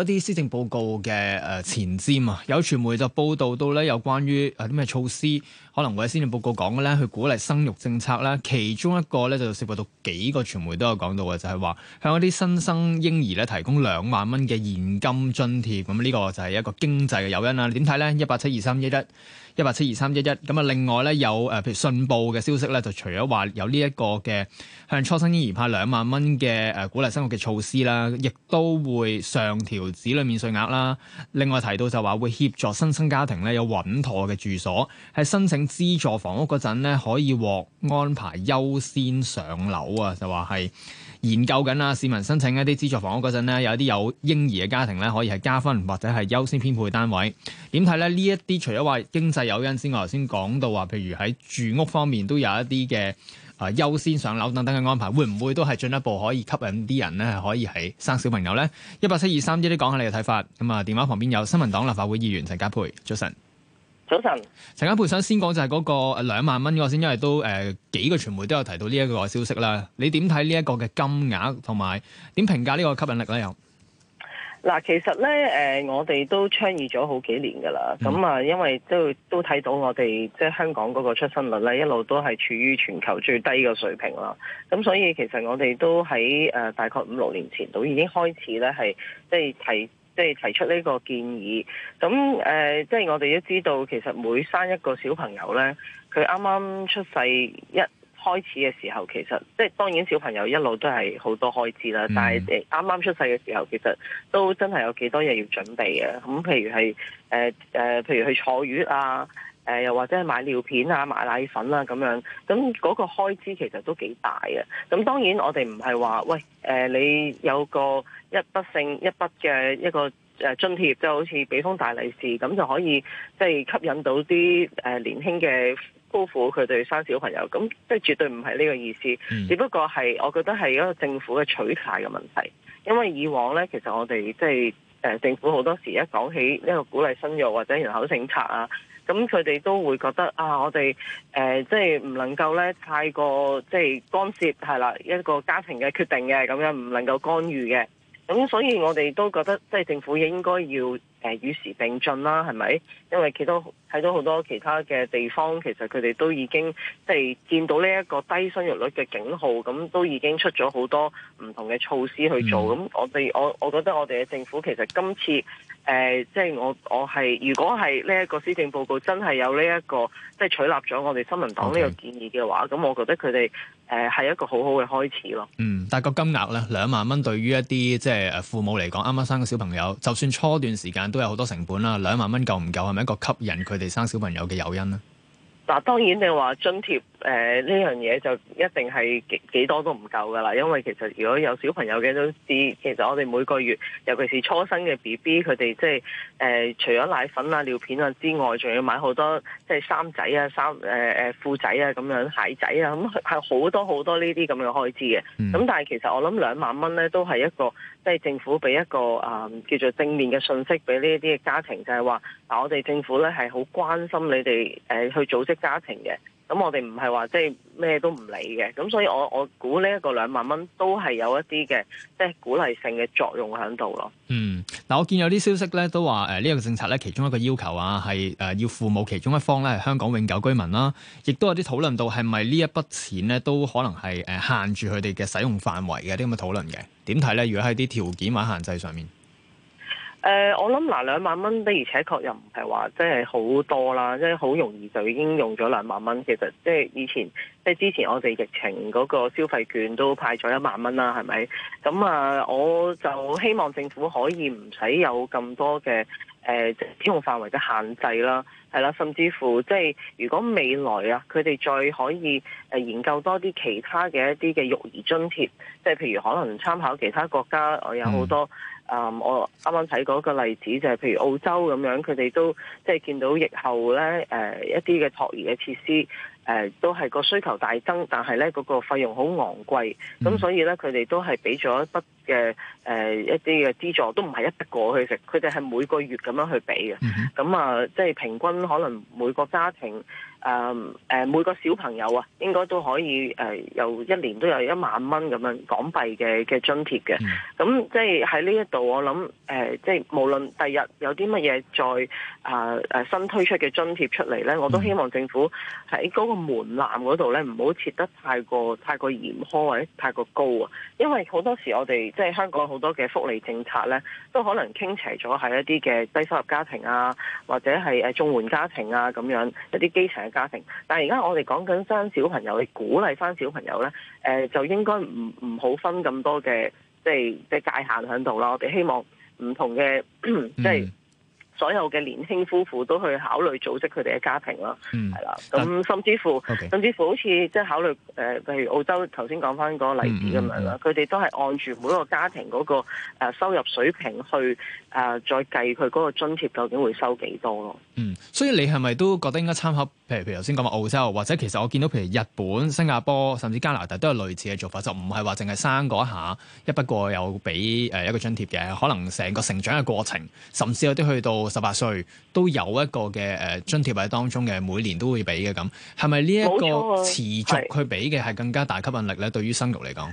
一啲施政報告嘅誒，前瞻啊，有傳媒就報道到咧，有關於啊啲咩措施，可能會喺施政報告講嘅咧，去鼓勵生育政策啦，其中一個咧就涉及到幾個傳媒都有講到嘅，就係話向一啲新生嬰兒咧提供兩萬蚊嘅現金津貼，咁呢個就係一個經濟嘅誘因啦。點睇咧？一八七二三一一一八七二三一一咁啊，另外咧有誒，譬如信報嘅消息咧，就除咗話有呢一個嘅向初生嬰兒派兩萬蚊嘅誒，鼓勵生育嘅措施啦，亦都會上調。子女免稅額啦，另外提到就話會協助新生家庭咧有穩妥嘅住所，喺申請資助房屋嗰陣咧可以獲安排優先上樓啊。就話係研究緊啦，市民申請一啲資助房屋嗰陣咧，有一啲有嬰兒嘅家庭咧可以係加分或者係優先編配單位。點睇咧？呢一啲除咗話經濟誘因之外，我頭先講到話，譬如喺住屋方面都有一啲嘅。啊，優先上樓等等嘅安排，會唔會都係進一步可以吸引啲人咧？係可以係生小朋友咧？一八七二三，一啲講下你嘅睇法。咁啊，電話旁邊有新民黨立法會議員陳家珮，早晨。早晨。陳家珮，想先講就係嗰、那個兩萬蚊嗰先，因為都誒、呃、幾個傳媒都有提到呢一個消息啦。你點睇呢一個嘅金額同埋點評價呢個吸引力咧？又？嗱，其實咧，誒、呃，我哋都倡議咗好幾年㗎喇，咁、嗯、啊，因為都都睇到我哋即係香港嗰個出生率咧，一路都係處於全球最低嘅水平啦。咁、嗯、所以其實我哋都喺誒、呃、大概五六年前都已經開始咧，係即係提即係提出呢個建議。咁、嗯、誒、呃，即係我哋都知道，其實每生一個小朋友咧，佢啱啱出世一開始嘅時候，其實即係當然小朋友一路都係好多開支啦。但係啱啱出世嘅時候，其實都真係有幾多嘢要準備嘅。咁譬如係誒誒，譬、呃呃、如去坐月啊，誒、呃、又或者係買尿片啊、買奶粉啦、啊、咁樣。咁嗰個開支其實都幾大嘅。咁當然我哋唔係話喂誒、呃，你有個一筆性一筆嘅一個誒津貼，即、就、係、是、好似俾封大利是咁就可以即係、就是、吸引到啲誒年輕嘅。 高付佢哋生小朋友，咁即係絕對唔係呢個意思，mm. 只不過係我覺得係一個政府嘅取態嘅問題，因為以往咧，其實我哋即係誒、呃、政府好多時一講起呢個鼓勵生育或者人口政策啊，咁佢哋都會覺得啊，我哋誒、呃、即係唔能夠咧太過即係干涉係啦一個家庭嘅決定嘅，咁樣唔能夠干預嘅，咁所以我哋都覺得即係政府應該要。誒、呃、與時並進啦，係咪？因為見到睇到好多其他嘅地方，其實佢哋都已經即係見到呢一個低生育率嘅警號，咁都已經出咗好多唔同嘅措施去做。咁我哋我我覺得我哋嘅政府其實今次。誒、呃，即係我我係，如果係呢一個施政報告真係有呢、這、一個，即係取納咗我哋新民黨呢個建議嘅話，咁 Okay. 我覺得佢哋誒係一個好好嘅開始咯。嗯，但係個金額咧，兩萬蚊對於一啲即係誒父母嚟講，啱啱生個小朋友，就算初段時間都有好多成本啦，兩萬蚊夠唔夠，係咪一個吸引佢哋生小朋友嘅誘因咧？嗱，當然你話津貼，誒呢樣嘢就一定係幾幾多都唔夠噶啦，因為其實如果有小朋友嘅都知，其實我哋每個月，尤其是初生嘅 BB，佢哋即係誒除咗奶粉啊、尿片啊之外，仲要買好多即係衫仔啊、衫誒誒褲仔啊咁樣鞋仔啊，咁係好多好多呢啲咁嘅開支嘅。咁、嗯、但係其實我諗兩萬蚊咧都係一個。即係政府俾一個啊、嗯、叫做正面嘅信息俾呢一啲嘅家庭，就係話，嗱我哋政府咧係好關心你哋誒去組織家庭嘅，咁我哋唔係話即係咩都唔理嘅，咁所以我我估呢一個兩萬蚊都係有一啲嘅即係鼓勵性嘅作用喺度咯。嗯。嗱，我見有啲消息咧都話，誒呢個政策咧其中一個要求啊，係誒要父母其中一方咧係香港永久居民啦，亦都有啲討論到係咪呢一筆錢咧都可能係誒限住佢哋嘅使用範圍嘅啲咁嘅討論嘅，點睇咧？如果喺啲條件或者限制上面？誒、呃，我諗嗱，兩、呃、萬蚊的，而且確又唔係話即係好多啦，即係好容易就已經用咗兩萬蚊。其實即係以前，即係之前，我哋疫情嗰個消費券都派咗一萬蚊啦，係咪？咁啊、呃，我就希望政府可以唔使有咁多嘅誒使用範圍嘅限制啦，係啦，甚至乎即係如果未來啊，佢哋再可以誒研究多啲其他嘅一啲嘅育兒津貼，即係譬如可能參考其他國家，我有好多。嗯誒，um, 我啱啱睇嗰個例子就係、是，譬如澳洲咁樣，佢哋都即係、就是、見到疫後咧，誒、呃、一啲嘅托兒嘅設施，誒、呃、都係個需求大增，但係咧嗰個費用好昂貴，咁所以咧佢哋都係俾咗一筆嘅誒、呃、一啲嘅資助，都唔係一筆過去食。佢哋係每個月咁樣去俾嘅，咁、mm hmm. 啊即係、就是、平均可能每個家庭。誒誒、嗯呃、每個小朋友啊，應該都可以誒，又、呃、一年都有一萬蚊咁樣港幣嘅嘅津貼嘅。咁、嗯、即係喺呢一度，我諗誒、呃，即係無論第日、日有啲乜嘢再啊誒、呃、新推出嘅津貼出嚟咧，我都希望政府喺嗰個門檻嗰度咧，唔好設得太過太過嚴苛或者太過高啊。因為好多時我哋即係香港好多嘅福利政策咧，都可能傾斜咗喺一啲嘅低收入家庭啊，或者係誒綜援家庭啊咁樣一啲基層家庭，但係而家我哋講緊翻小朋友，你鼓勵翻小朋友咧，誒就應該唔唔好分咁多嘅，即係即係界限喺度咯。我哋希望唔同嘅，即係。所有嘅年輕夫婦都去考慮組織佢哋嘅家庭啦，係啦、嗯，咁但甚至乎，甚至乎好似即係考慮誒，譬、呃、如澳洲頭先講翻嗰個例子咁、嗯、樣啦，佢哋、嗯、都係按住每一個家庭嗰個收入水平去誒、呃、再計佢嗰個津貼究竟會收幾多咯。嗯，所以你係咪都覺得應該參考譬如譬如頭先講話澳洲，或者其實我見到譬如日本、新加坡，甚至加拿大都有類似嘅做法，就唔係話淨係生個一下，一筆過有俾誒一個津貼嘅，可能成個成長嘅過程，甚至有啲去到。十八歲都有一個嘅誒津貼喺當中嘅，每年都會俾嘅咁，係咪呢一個持續去俾嘅係更加大吸引力咧？對於生育嚟講，誒、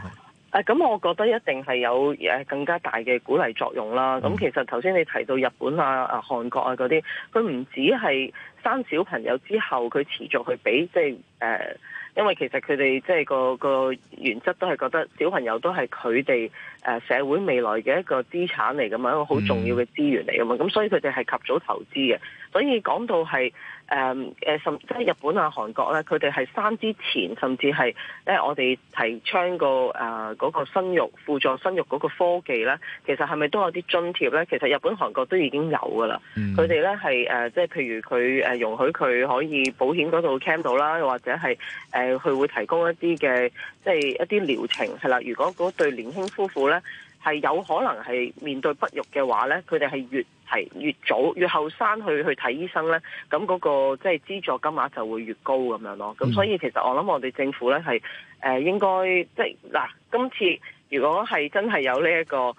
嗯，咁我覺得一定係有誒更加大嘅鼓勵作用啦。咁其實頭先你提到日本啊、啊韓國啊嗰啲，佢唔止係生小朋友之後佢持續去俾，即係誒。因為其實佢哋即係個個原則都係覺得小朋友都係佢哋誒社會未來嘅一個資產嚟㗎嘛，一個好重要嘅資源嚟㗎嘛，咁、嗯、所以佢哋係及早投資嘅。所以講到係。誒誒，um, 甚即係日本啊、韓國咧，佢哋係三之前，甚至係誒我哋提倡過、呃那個誒嗰個生育輔助生育嗰個科技咧，其實係咪都有啲津貼咧？其實日本、韓國都已經有噶啦，佢哋咧係誒，即、hmm. 係、呃、譬如佢誒容許佢可以保險嗰度 cam 到啦，或者係誒佢會提供一啲嘅即係一啲療程係啦。如果嗰對年輕夫婦咧，係有可能係面對不育嘅話咧，佢哋係越係越早越後生去去睇醫生咧，咁嗰、那個即係、就是、資助金額就會越高咁樣咯。咁所以其實我諗我哋政府咧係誒應該即係嗱、啊，今次如果係真係有呢、這、一個誒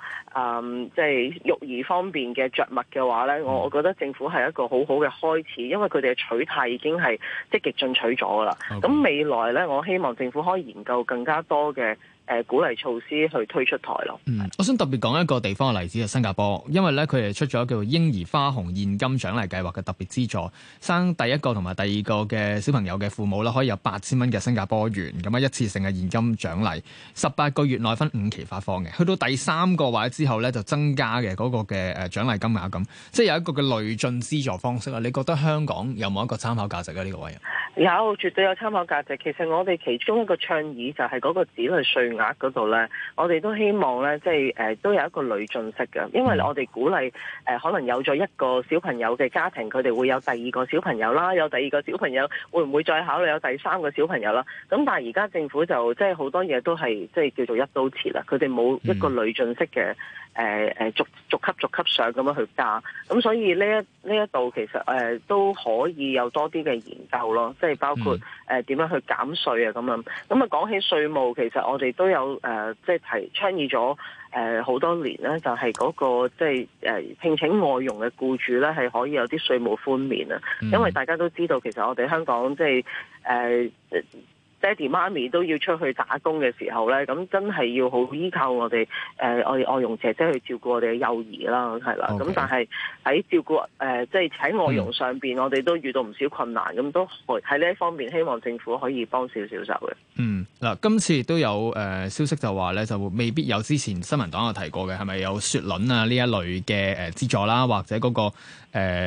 即係育兒方面嘅著墨嘅話咧，我我覺得政府係一個好好嘅開始，因為佢哋嘅取態已經係積極進取咗啦。咁未來咧，我希望政府可以研究更加多嘅。誒、呃、鼓勵措施去推出台咯。嗯，是我想特別講一個地方嘅例子係新加坡，因為咧佢哋出咗叫做嬰兒花紅現金獎勵計劃嘅特別資助，生第一個同埋第二個嘅小朋友嘅父母啦，可以有八千蚊嘅新加坡元咁啊，一次性嘅現金獎勵，十八個月內分五期發放嘅。去到第三個或者之後咧就增加嘅嗰個嘅誒獎勵金額咁，即係有一個嘅累進資助方式啦。你覺得香港有冇一個參考價值嘅呢、呢個位？有，絕對有參考價值。其實我哋其中一個倡議就係嗰個子女稅。額嗰度咧，我哋都希望咧，即係誒、呃，都有一個累進式嘅，因為我哋鼓勵誒、呃，可能有咗一個小朋友嘅家庭，佢哋會有第二個小朋友啦，有第二個小朋友會唔會再考慮有第三個小朋友啦？咁但係而家政府就即係好多嘢都係即係叫做一刀切啦，佢哋冇一個累進式嘅誒誒逐逐級逐級上咁樣去加，咁所以呢一呢一度其實誒、呃、都可以有多啲嘅研究咯，即係包括誒點、呃、樣去減稅啊咁樣。咁啊講起稅務，其實我哋都都有誒、呃，即係提倡議咗誒，好、呃、多年咧，就係、是、嗰、那個即係誒、呃、聘請外傭嘅僱主咧，係可以有啲稅務寬免啊！因為大家都知道，其實我哋香港即係誒、呃、爹哋媽咪都要出去打工嘅時候咧，咁真係要好依靠我哋誒、呃、外外傭姐姐去照顧我哋嘅幼兒啦，係啦。咁 Okay. 但係喺照顧誒、呃、即係喺外傭上邊，嗯、我哋都遇到唔少困難，咁都喺呢一方面，希望政府可以幫少少手嘅。嗯。嗱，今次亦都有誒、呃、消息就話咧，就未必有之前新民黨有提過嘅，係咪有雪卵啊呢一類嘅誒資助啦，或者嗰、那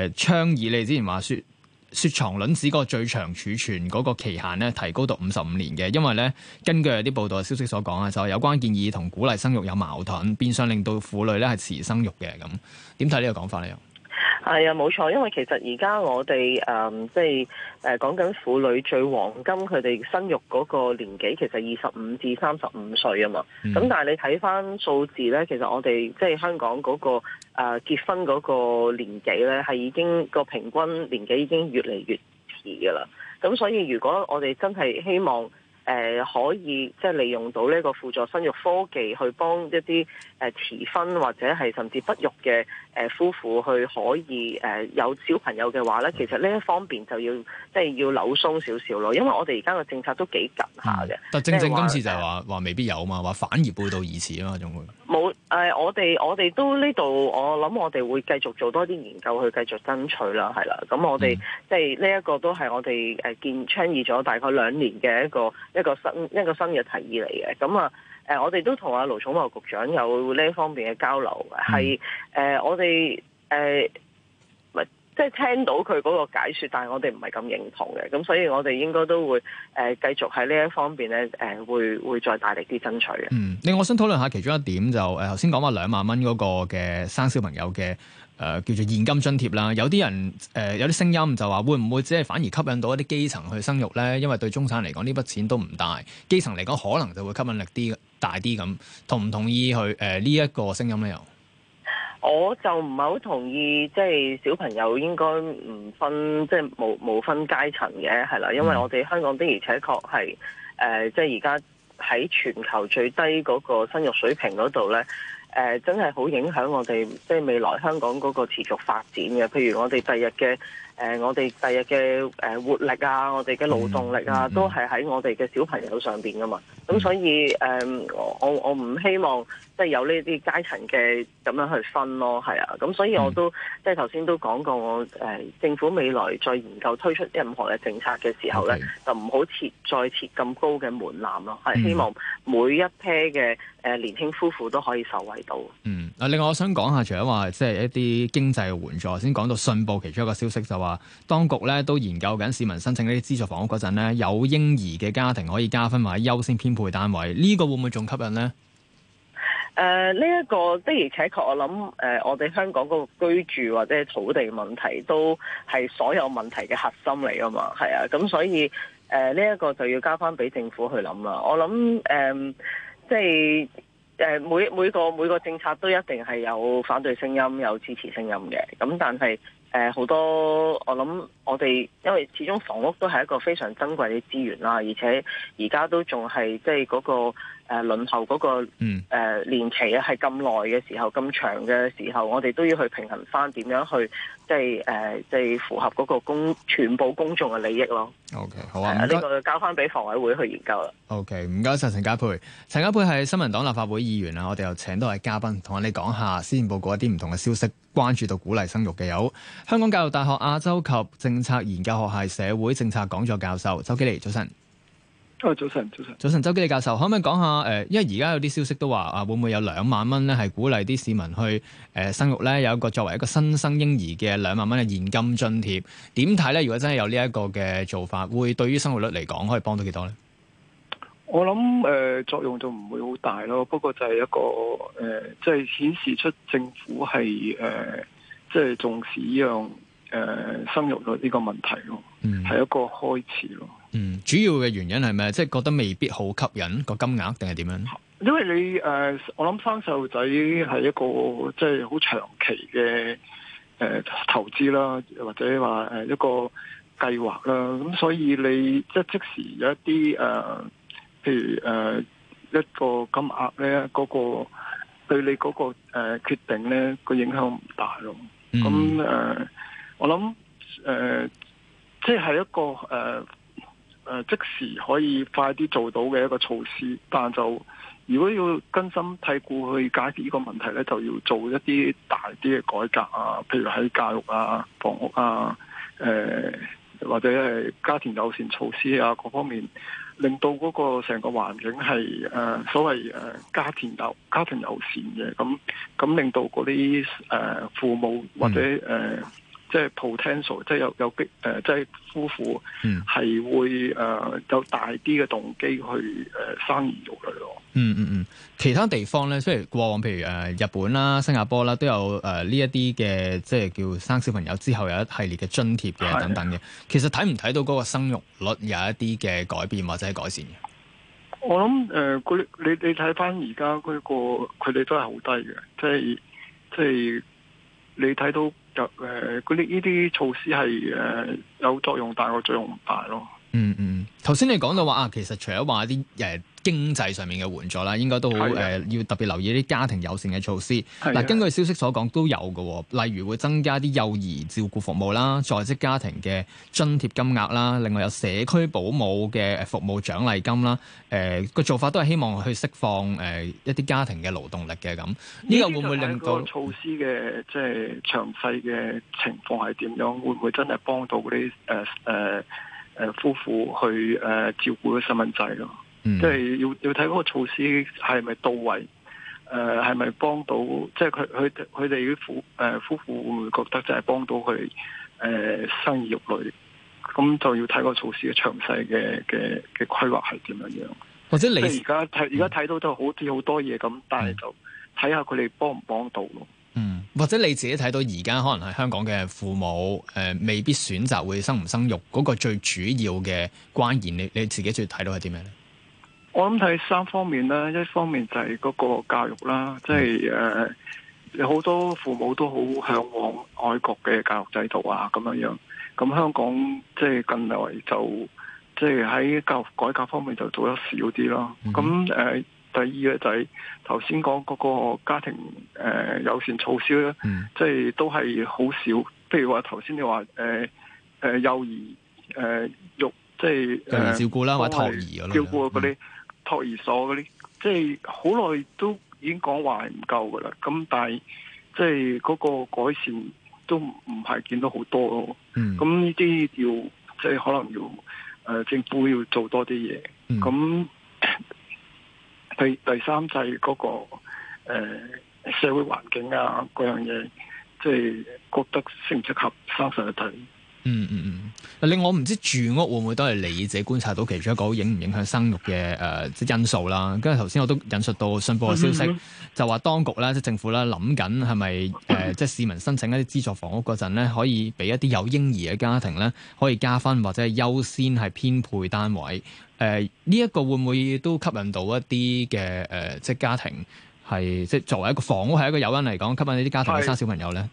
個誒倡議？你、呃、之前話雪雪藏卵子嗰個最長儲存嗰個期限咧，提高到五十五年嘅，因為咧根據有啲報道消息所講啊，就有關建議同鼓勵生育有矛盾，變相令到婦女咧係遲生育嘅咁。點睇呢個講法咧？係啊，冇、哎、錯，因為其實而家我哋誒即係誒講緊婦女最黃金佢哋生育嗰個年紀，其實二十五至三十五歲啊嘛。咁、嗯、但係你睇返數字咧，其實我哋即係香港嗰、那個誒、呃、結婚嗰個年紀咧，係已經個平均年紀已經越嚟越遲噶啦。咁所以如果我哋真係希望，誒、呃、可以即係、就是、利用到呢個輔助生育科技去幫一啲誒遲婚或者係甚至不育嘅誒、呃、夫婦去可以誒、呃、有小朋友嘅話咧，其實呢一方面就要即係要扭鬆少少咯，因為我哋而家嘅政策都幾緊下嘅。但正正今次就係話話未必有嘛，話反而背道而馳啊嘛，仲會冇誒、呃？我哋我哋都呢度，我諗我哋會繼續做多啲研究去繼續爭取啦，係啦。咁、嗯嗯、我哋即係呢一個都係我哋誒建倡議咗大概兩年嘅一個。一個新一個新嘅提議嚟嘅，咁啊，誒、呃，我哋都同阿盧寵茂局長有呢一方面嘅交流，係誒、嗯呃，我哋誒。呃即係聽到佢嗰個解説，但係我哋唔係咁認同嘅，咁所以我哋應該都會誒、呃、繼續喺呢一方面咧，誒、呃、會會再大力啲爭取嘅。嗯，另外我想討論下其中一點就誒頭先講話兩萬蚊嗰個嘅生小朋友嘅誒、呃、叫做現金津貼啦，有啲人誒、呃、有啲聲音就話會唔會即係反而吸引到一啲基層去生育咧？因為對中產嚟講呢筆錢都唔大，基層嚟講可能就會吸引力啲大啲咁，同唔同意去誒呢一個聲音咧？又？我就唔係好同意，即係小朋友應該唔分，即係冇冇分階層嘅，係啦，因為我哋香港的而且確係，誒，即係而家喺全球最低嗰個生育水平嗰度咧，誒，真係好影響我哋即係未來香港嗰個持續發展嘅。譬如我哋第日嘅。誒，嗯嗯嗯，我哋第日嘅誒活力啊，我哋嘅勞動力啊，都係喺我哋嘅小朋友上邊噶嘛。咁所以誒，嗯，我我唔希望即係有呢啲階層嘅咁樣去分咯，係啊。咁所以我都，嗯，即係頭先都講過我，我，呃，誒政府未來再研究推出任何嘅政策嘅時候咧，Okay. 就唔好設再設咁高嘅門檻咯。係希望每一批嘅誒年輕夫婦都可以受惠到。嗯。啊，另外我想講下，除咗話即係一啲經濟嘅援助，先講到信報其中一個消息就話。當局咧都研究緊市民申請呢啲資助房屋嗰陣咧，有嬰兒嘅家庭可以加分或者優先編配單位，呢、這個會唔會仲吸引呢？誒、呃，呢、這、一個的而且確，我諗誒，我哋香港個居住或者土地問題都係所有問題嘅核心嚟啊嘛，係啊，咁所以誒呢一個就要交翻俾政府去諗啦。我諗誒、呃，即係誒、呃、每每個每個政策都一定係有反對聲音，有支持聲音嘅，咁但係。誒好多我諗。我哋因為始終房屋都係一個非常珍貴嘅資源啦，而且而家都仲係即係、嗰個誒輪、呃、候後、那、嗰個誒、呃、年期啊，係咁耐嘅時候，咁、嗯、長嘅時候，我哋都要去平衡翻點樣去即係誒、呃、即係符合嗰個公全部公眾嘅利益咯。OK，好啊，呢、呃這個交翻俾房委會去研究啦。OK，唔該晒，陳家珮，陳家珮係新民黨立法會議員啊，我哋又請多位嘉賓同我哋講下先，報告一啲唔同嘅消息，關注到鼓勵生育嘅有香港教育大學亞洲及政。政策研究學系社會政策講座教授周基利，早晨。早晨，早晨，早晨。周基利教授可唔可以講下誒，因為而家有啲消息都話啊，會唔會有兩萬蚊咧，係鼓勵啲市民去誒、呃、生育咧，有一個作為一個新生嬰兒嘅兩萬蚊嘅現金津貼，點睇咧？如果真係有呢一個嘅做法，會對於生育率嚟講可以幫到幾多咧？我諗誒、呃、作用就唔會好大咯，不過就係一個誒，即係顯示出政府係誒，即、呃、係、就是、重視呢樣。誒、呃，生育率呢個問題咯，係、嗯、一個開始咯。嗯，主要嘅原因係咪即係覺得未必好吸引，嗰個金額，定係點樣？因為你誒、呃，我諗生細路仔係一個即係好長期嘅誒、呃、投資啦，或者話誒一個計劃啦。咁所以你即係即時有一啲誒、呃，譬如誒、呃、一個金額咧，嗰、那個對你嗰、那個誒、呃、決定咧個影響唔大咯。咁誒、嗯。我諗誒、呃，即係一個誒誒、呃呃、即時可以快啲做到嘅一個措施，但就如果要根深蒂固去解決呢個問題咧，就要做一啲大啲嘅改革啊，譬如喺教育啊、房屋啊，誒、呃、或者係家庭友善措施啊，各方面令到嗰個成個環境係誒、呃、所謂誒家庭友家庭友善嘅，咁、呃、咁令到嗰啲誒父母或者誒。嗯即係 potential，即係有有逼，誒、呃，即係夫婦係會誒、呃、有大啲嘅動機去誒、呃、生兒育女咯、嗯。嗯嗯嗯，其他地方咧，雖然過往譬如誒日本啦、新加坡啦，都有誒呢、呃、一啲嘅，即係叫生小朋友之後有一系列嘅津貼嘅等等嘅。的其實睇唔睇到嗰個生育率有一啲嘅改變或者改善嘅？我諗誒、呃，你你睇翻而家嗰個佢哋都係好低嘅，即係即係你睇到。誒嗰啲呢啲措施係誒、呃、有作用大，但係個作用唔大咯。嗯嗯，頭先你講到話啊，其實除咗話啲誒經濟上面嘅援助啦，應該都好誒的、呃，要特別留意啲家庭友善嘅措施。嗱的、呃，根據消息所講都有嘅、哦，例如會增加啲幼兒照顧服務啦，在職家庭嘅津貼金額啦，另外有社區保姆嘅服務獎勵金啦。誒、呃，個做法都係希望去釋放誒、呃、一啲家庭嘅勞動力嘅咁。呢、這個會唔會令到措施嘅即係詳細嘅情況係點樣？會唔會真係幫到嗰啲誒誒？呃呃呃呃誒，夫婦去誒、呃、照顧啲細蚊仔咯，即係要要睇嗰個措施係咪到位，誒係咪幫到，即係佢佢佢哋啲夫誒、呃、夫婦會唔會覺得就係幫到佢誒、呃、生兒育女，咁就要睇個措施嘅詳細嘅嘅嘅規劃係點樣樣，或者你而家睇而家睇到都好似好多嘢咁，但係就睇下佢哋幫唔幫到咯。或者你自己睇到而家可能係香港嘅父母，誒、呃、未必選擇會生唔生育嗰個最主要嘅關鍵，你你自己最睇到係點樣咧？我諗睇三方面啦，一方面就係嗰個教育啦，即係誒有好多父母都好向往外國嘅教育制度啊，咁樣樣，咁香港即係、就是、近來就即係喺教育改革方面就做得少啲咯。咁誒、嗯哼。第二咧，就係頭先講嗰個家庭誒、呃、友善措施咧，即係都係好少。譬如話頭先你話誒誒幼兒誒育、呃、即係誒、呃、照顧啦，或者托兒嘅啦，照顧嗰啲托兒所嗰啲，即係好耐都已經講話係唔夠噶啦。咁但係即係嗰個改善都唔係見到好多咯。咁呢啲要即係可能要誒、呃、政府要做多啲嘢。咁、嗯嗯第第三制嗰、就係嗰個、呃、社會環境啊，嗰樣嘢，即係覺得適唔適合生十日睇？嗯嗯嗯，嗱、嗯，我唔知住屋會唔會都係你自己觀察到其中一個影唔影響生育嘅誒、呃，即因素啦。跟住頭先我都引述到信報嘅消息，嗯嗯嗯、就話當局咧，即政府咧，諗緊係咪誒，即係市民申請一啲資助房屋嗰陣咧，可以俾一啲有嬰兒嘅家庭咧，可以加分或者係優先係編配單位。誒、呃，呢、這、一個會唔會都吸引到一啲嘅誒，即係家庭係即係作為一個房屋係一個誘因嚟講，吸引呢啲家庭去生小朋友咧？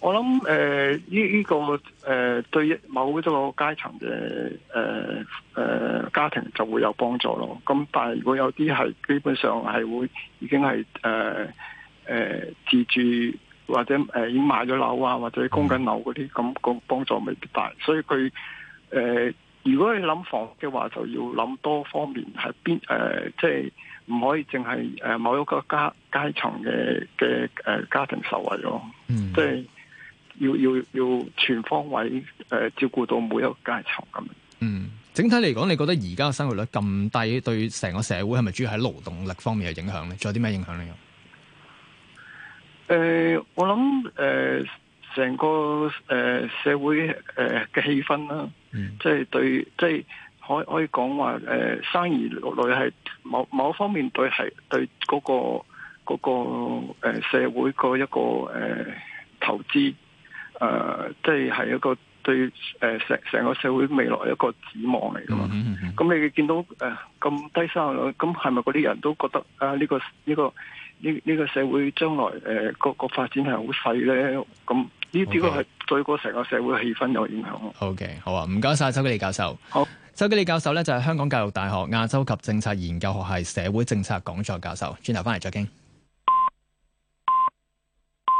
我諗誒，呢、呃、呢、呢個誒、呃，對某一個階層嘅誒誒家庭就會有幫助咯。咁但係如果有啲係基本上係會已經係誒誒自住或者誒、呃、已經買咗樓啊，或者供緊樓嗰啲咁，個幫助未必大。所以佢誒、呃，如果你諗房嘅話，就要諗多方面，係邊誒、呃，即係唔可以淨係誒某一個階階層嘅嘅誒家庭受惠咯。呃、嗯，即係。要要要全方位誒、呃、照顧到每一個階層，咁。嗯，整體嚟講，你覺得而家嘅生育率咁低，對成個社會係咪主要喺勞動力方面嘅影響咧？仲有啲咩影響咧？誒、呃，我諗誒成個誒、呃、社會誒嘅氣氛啦，嗯，即係對即係可可以講話誒生兒育女係某某方面對係對嗰、那個嗰、那個誒、呃、社會個一個誒、呃、投資。誒、呃，即係係一個對誒成成個社會未來一個指望嚟㗎嘛？咁、嗯嗯、你見到誒咁、呃、低收入咁，係咪嗰啲人都覺得啊呢、呃這個呢、這個呢呢、這個社會將來誒、呃、個個發展係好細咧？咁呢啲嘅係對個成個社會氣氛有影響。好嘅，好啊，唔該晒周基利教授。好，周基利教授咧就係香港教育大學亞洲及政策研究學系社會政策講座教授。轉頭翻嚟再傾。